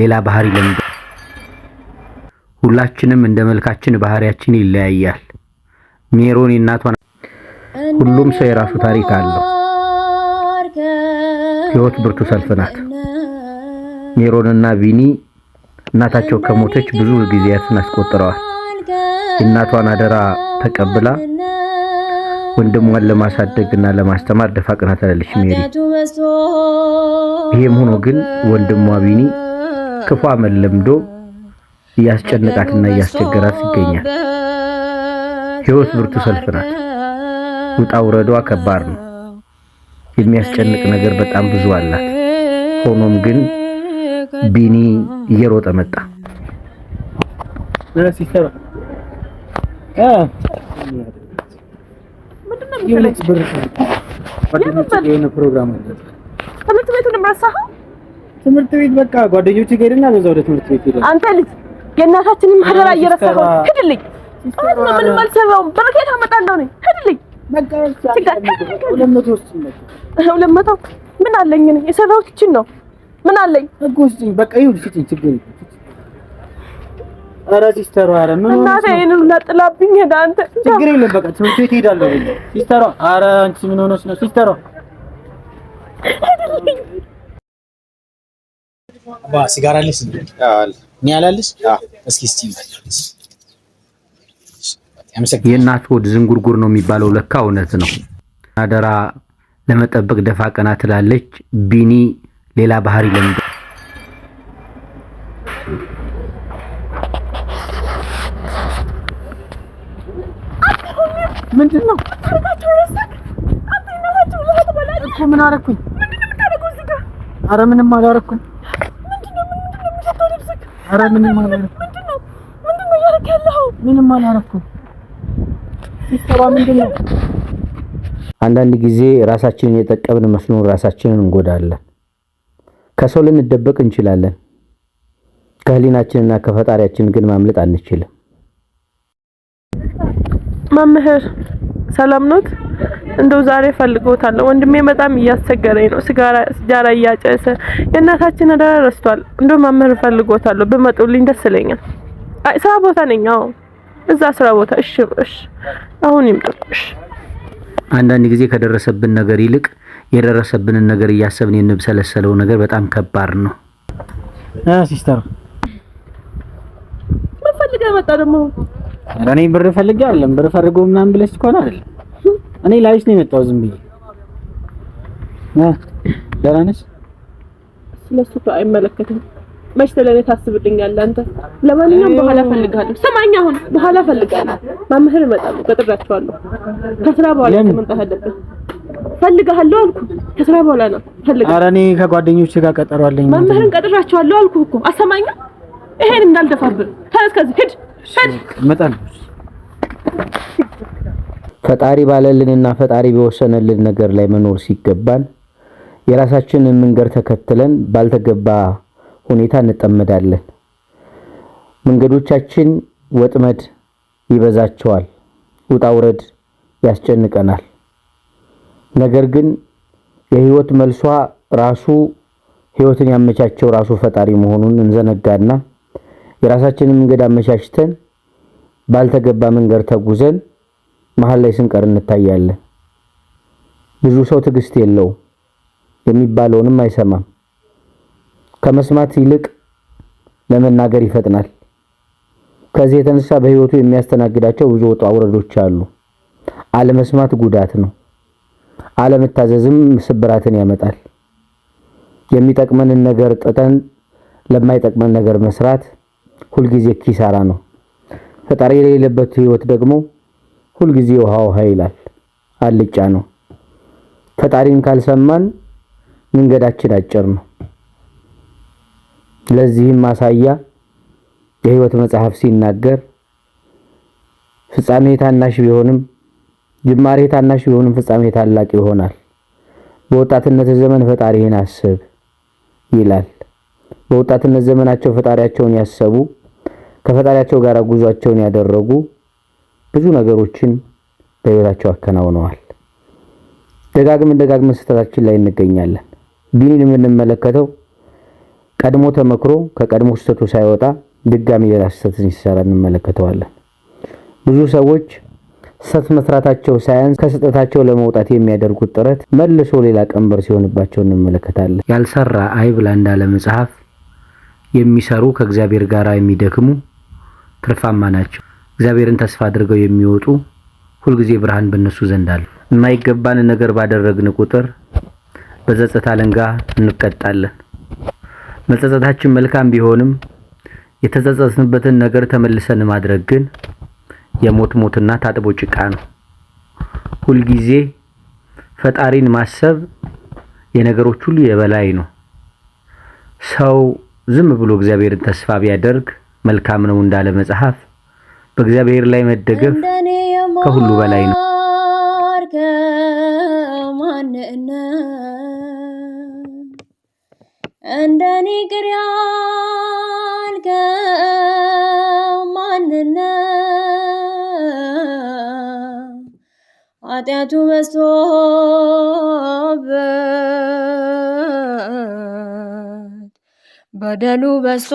ሌላ ባህሪ ለምደ ሁላችንም እንደ መልካችን ባህሪያችን ይለያያል። ሜሮን እናቷን ሁሉም ሰው የራሱ ታሪክ አለው። ህይወት ብርቱ ሰልፍ ናት። ሜሮንና ቢኒ እናታቸው ከሞተች ብዙ ጊዜያትን አስቆጥረዋል። የእናቷን አደራ ተቀብላ ወንድሟን ለማሳደግና ለማስተማር ደፋ ቀና ትላለች ሜሪ። ይሄም ሆኖ ግን ወንድሟ ቢኒ ክፉ አመል ለምዶ እያስጨነቃትና እያስቸገራት ይገኛል። ህይወት ብርቱ ሰልፍ ናት። ውጣ ውረዷ ከባድ ነው። የሚያስጨንቅ ነገር በጣም ብዙ አላት። ሆኖም ግን ቢኒ እየሮጠ መጣ። ትምህርት ቤቱንም ረሳኸው? ትምህርት ቤት በቃ ጓደኞቼ ጋር ሄድና በዛ ወደ ትምህርት ቤት ሄደ። አንተ ልጅ የእናታችንን ማህደራ እየረሳኸው ሂድልኝ። አሁን ምን ምንም አልሰራሁም። በርኬታ ነው? ነኝ። ሂድልኝ በቃ ሁለት መቶ ምን አለኝ እኔ የሰራሁት እችን ነው። ምን አለኝ እኮ ስጭኝ፣ በቃ ይሁን ፍጥኝ ችግር ኧረ ሲስተሯ ኧረ ምን እናቴ ይሄንን ሁላ ጥላብኝ ሄዳ። አንተ ችግር የለም በቃ ትምህርት ቤት ሄዳለሁ። ሲስተሯ ኧረ አንቺ ምን ሆነሽ ነው ሲስተሯ ሲጋራ አለሽ? እኔ አላለሽ? እስኪ እስቲ የእናት ሆድ ዝንጉርጉር ነው የሚባለው ለካ እውነት ነው። አደራ ለመጠበቅ ደፋ ቀና ትላለች። ቢኒ ሌላ ባህሪ ለምደ ምንድን ነው ምን አደረኩኝ? ኧረ ምንም አላደረኩኝ። ኧረ ምንም ምንም አላረኩም። አንዳንድ ጊዜ ራሳችንን የጠቀምን መስሎን ራሳችንን እንጎዳለን። ከሰው ልንደበቅ እንችላለን። ከህሊናችንና ከፈጣሪያችን ግን ማምለጥ አንችልም። መምህር ሰላም ኖት? እንደው ዛሬ ፈልገውታለሁ። ወንድሜ በጣም እያስቸገረኝ ነው፣ ሲጋራ እያጨሰ የእናታችን አደራ ረስቷል። እንደው መምህር ፈልጎታለሁ፣ ብመጡልኝ ደስ ይለኛል። አይ ስራ ቦታ ነኝ። አዎ እዛ ስራ ቦታ። እሺ እሺ፣ አሁን ይምጡሽ። አንዳንድ ጊዜ ከደረሰብን ነገር ይልቅ የደረሰብንን ነገር እያሰብን የምንብሰለሰለው ነገር በጣም ከባድ ነው። አ ሲስተር ምን ፈልገህ መጣ ደግሞ? እኔ ብር ፈልጌ አይደለም ብር ፈልጎ ምናምን ብለሽ ከሆነ አይደለም እኔ ላይሽ ነው የመጣው ዝም ብዬ ደህና ነሽ? ስለሱ አይመለከትም። መች ለእኔ ታስብልኛለህ አንተ? ለማንኛውም በኋላ ፈልጋለሁ ሰማኝ አሁን በኋላ ፈልጋለሁ መምህር ይመጣሉ፣ ቀጥሬያቸዋለሁ። ከስራ በኋላ መምጣት አለብን። ፈልጋለሁ አልኩ ከስራ በኋላ ነው ፈልጋለሁ ኧረ እኔ ከጓደኞቼ ጋር ቀጠሮ አለኝ። መምህርን ቀጥሬያቸዋለሁ አልኩህ እኮ አሰማኝም። ይሄን እንዳልደፋብህ ተነስ፣ ከዚህ ሂድ፣ ሂድ መጣል ፈጣሪ ባለልንና ፈጣሪ በወሰነልን ነገር ላይ መኖር ሲገባን የራሳችንን መንገድ ተከትለን ባልተገባ ሁኔታ እንጠመዳለን። መንገዶቻችን ወጥመድ ይበዛቸዋል፣ ውጣ ውረድ ያስጨንቀናል። ነገር ግን የህይወት መልሷ ራሱ ህይወትን ያመቻቸው ራሱ ፈጣሪ መሆኑን እንዘነጋና የራሳችንን መንገድ አመቻችተን ባልተገባ መንገድ ተጉዘን መሀል ላይ ስንቀር እንታያለን። ብዙ ሰው ትዕግስት የለው የሚባለውንም አይሰማም። ከመስማት ይልቅ ለመናገር ይፈጥናል። ከዚህ የተነሳ በህይወቱ የሚያስተናግዳቸው ብዙ ወጣ ውረዶች አሉ። አለመስማት ጉዳት ነው። አለመታዘዝም ስብራትን ያመጣል። የሚጠቅመንን ነገር ጥጠን ለማይጠቅመን ነገር መስራት ሁልጊዜ ኪሳራ ነው። ፈጣሪ የሌለበት ህይወት ደግሞ ሁልጊዜ ውሃ ውሃ ይላል። አልጫ ነው። ፈጣሪን ካልሰማን መንገዳችን አጭር ነው። ለዚህም ማሳያ የህይወት መጽሐፍ ሲናገር ፍጻሜ ታናሽ ቢሆንም ጅማሬ ታናሽ ቢሆንም ፍጻሜ ታላቅ ይሆናል። በወጣትነት ዘመን ፈጣሪህን አስብ ይላል። በወጣትነት ዘመናቸው ፈጣሪያቸውን ያሰቡ ከፈጣሪያቸው ጋር ጉዟቸውን ያደረጉ ብዙ ነገሮችን በህይወታቸው አከናውነዋል። ደጋግመን ደጋግመን ስህተታችን ላይ እንገኛለን። ቢኒን የምንመለከተው ቀድሞ ተመክሮ ከቀድሞ ስህተቱ ሳይወጣ ድጋሚ ሌላ ስተት ሲሰራ እንመለከተዋለን። ብዙ ሰዎች ስህተት መስራታቸው ሳያንስ ከስህተታቸው ለመውጣት የሚያደርጉት ጥረት መልሶ ሌላ ቀንበር ሲሆንባቸው እንመለከታለን። ያልሰራ አይብላ እንዳለ መጽሐፍ የሚሰሩ ከእግዚአብሔር ጋር የሚደክሙ ትርፋማ ናቸው። እግዚአብሔርን ተስፋ አድርገው የሚወጡ ሁልጊዜ ብርሃን በእነሱ ዘንድ አለ። የማይገባን ነገር ባደረግን ቁጥር በጸጸት አለንጋ እንቀጣለን። መጸጸታችን መልካም ቢሆንም የተጸጸትንበትን ነገር ተመልሰን ማድረግ ግን የሞት ሞትና ታጥቦ ጭቃ ነው። ሁልጊዜ ፈጣሪን ማሰብ የነገሮች ሁሉ የበላይ ነው። ሰው ዝም ብሎ እግዚአብሔርን ተስፋ ቢያደርግ መልካም ነው እንዳለ መጽሐፍ በእግዚአብሔር ላይ መደገፍ ከሁሉ በላይ ነው። እንደኔ ቅር ያልከው ኃጢአቱ በደሉ በሶበት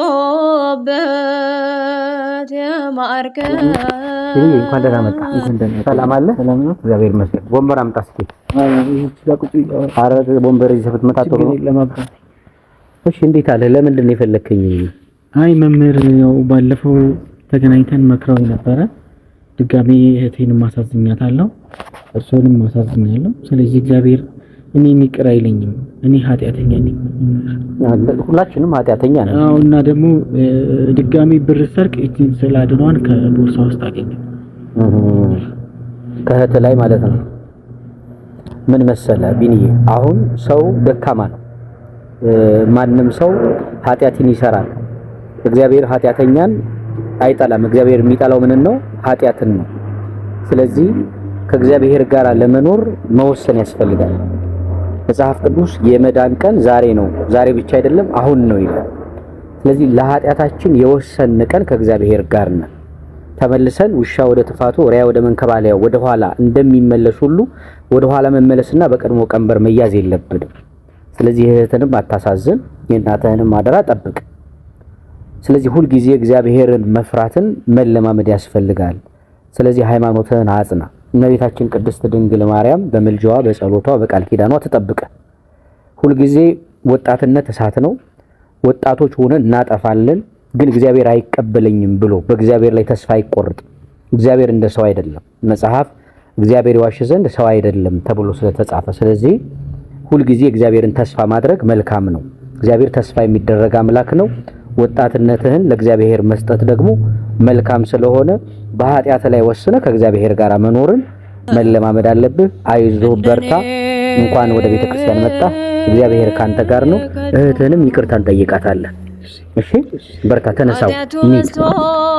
የማርከኝ እንኳን ደህና መጣ። ሰላም አለ። ሰላም ነው። እግዚአብሔር ይመስገን። ወንበር አምጣ እስኪ። ኧረ ወንበር ይዘህ ብትመጣ ጥሩ ነው። እሺ፣ እንዴት አለ? ለምንድን ነው የፈለከኝ? አይ መምህር፣ ያው ባለፈው ተገናኝተን መክረው ነበረ። ድጋሜ እህቴንም ማሳዝኛታለሁ፣ እርሶንም ማሳዝኛለሁ። ስለዚህ እግዚአብሔር እኔ ይቅር አይለኝም። እኔ ኃጢአተኛ ነኝ። ሁላችንም ኃጢአተኛ ነን። አዎ። እና ደግሞ ድጋሚ ብር ሰርቅ እቺን አድኗን ከቦርሳ ውስጥ አገኘ ከእህት ላይ ማለት ነው። ምን መሰለ ቢኒዬ፣ አሁን ሰው ደካማ ነው። ማንም ሰው ኃጢአትን ይሰራል። እግዚአብሔር ኃጢአተኛን አይጠላም። እግዚአብሔር የሚጠላው ምንን ነው? ኃጢአትን ነው። ስለዚህ ከእግዚአብሔር ጋር ለመኖር መወሰን ያስፈልጋል። መጽሐፍ ቅዱስ የመዳን ቀን ዛሬ ነው፣ ዛሬ ብቻ አይደለም አሁን ነው ይላል። ስለዚህ ለኃጢአታችን የወሰን ቀን ከእግዚአብሔር ጋር ነን። ተመልሰን ውሻ ወደ ትፋቱ ወሪያ ወደ መንከባለያው ወደ ኋላ እንደሚመለስ ሁሉ ወደ ኋላ መመለስና በቀድሞ ቀንበር መያዝ የለብንም። ስለዚህ እህትንም አታሳዝን፣ የእናትህንም አደራ ጠብቅ። ስለዚህ ሁልጊዜ እግዚአብሔርን መፍራትን መለማመድ ያስፈልጋል። ስለዚህ ሃይማኖትህን አጽና። እመቤታችን ቅድስት ድንግል ማርያም በምልጃዋ በጸሎቷ በቃል ኪዳኗ ትጠብቀ። ሁልጊዜ ወጣትነት እሳት ነው። ወጣቶች ሆነን እናጠፋለን፣ ግን እግዚአብሔር አይቀበለኝም ብሎ በእግዚአብሔር ላይ ተስፋ አይቆርጥ። እግዚአብሔር እንደ ሰው አይደለም። መጽሐፍ እግዚአብሔር ይዋሽ ዘንድ ሰው አይደለም ተብሎ ስለተጻፈ፣ ስለዚህ ሁልጊዜ እግዚአብሔርን ተስፋ ማድረግ መልካም ነው። እግዚአብሔር ተስፋ የሚደረግ አምላክ ነው። ወጣትነትህን ለእግዚአብሔር መስጠት ደግሞ መልካም ስለሆነ በኃጢአት ላይ ወስነ ከእግዚአብሔር ጋር መኖርን መለማመድ አለብህ። አይዞ በርታ። እንኳን ወደ ቤተ ክርስቲያን መጣ። እግዚአብሔር ካንተ ጋር ነው። እህትህንም ይቅርታን ጠይቃታለህ። እሺ፣ በርታ፣ ተነሳው።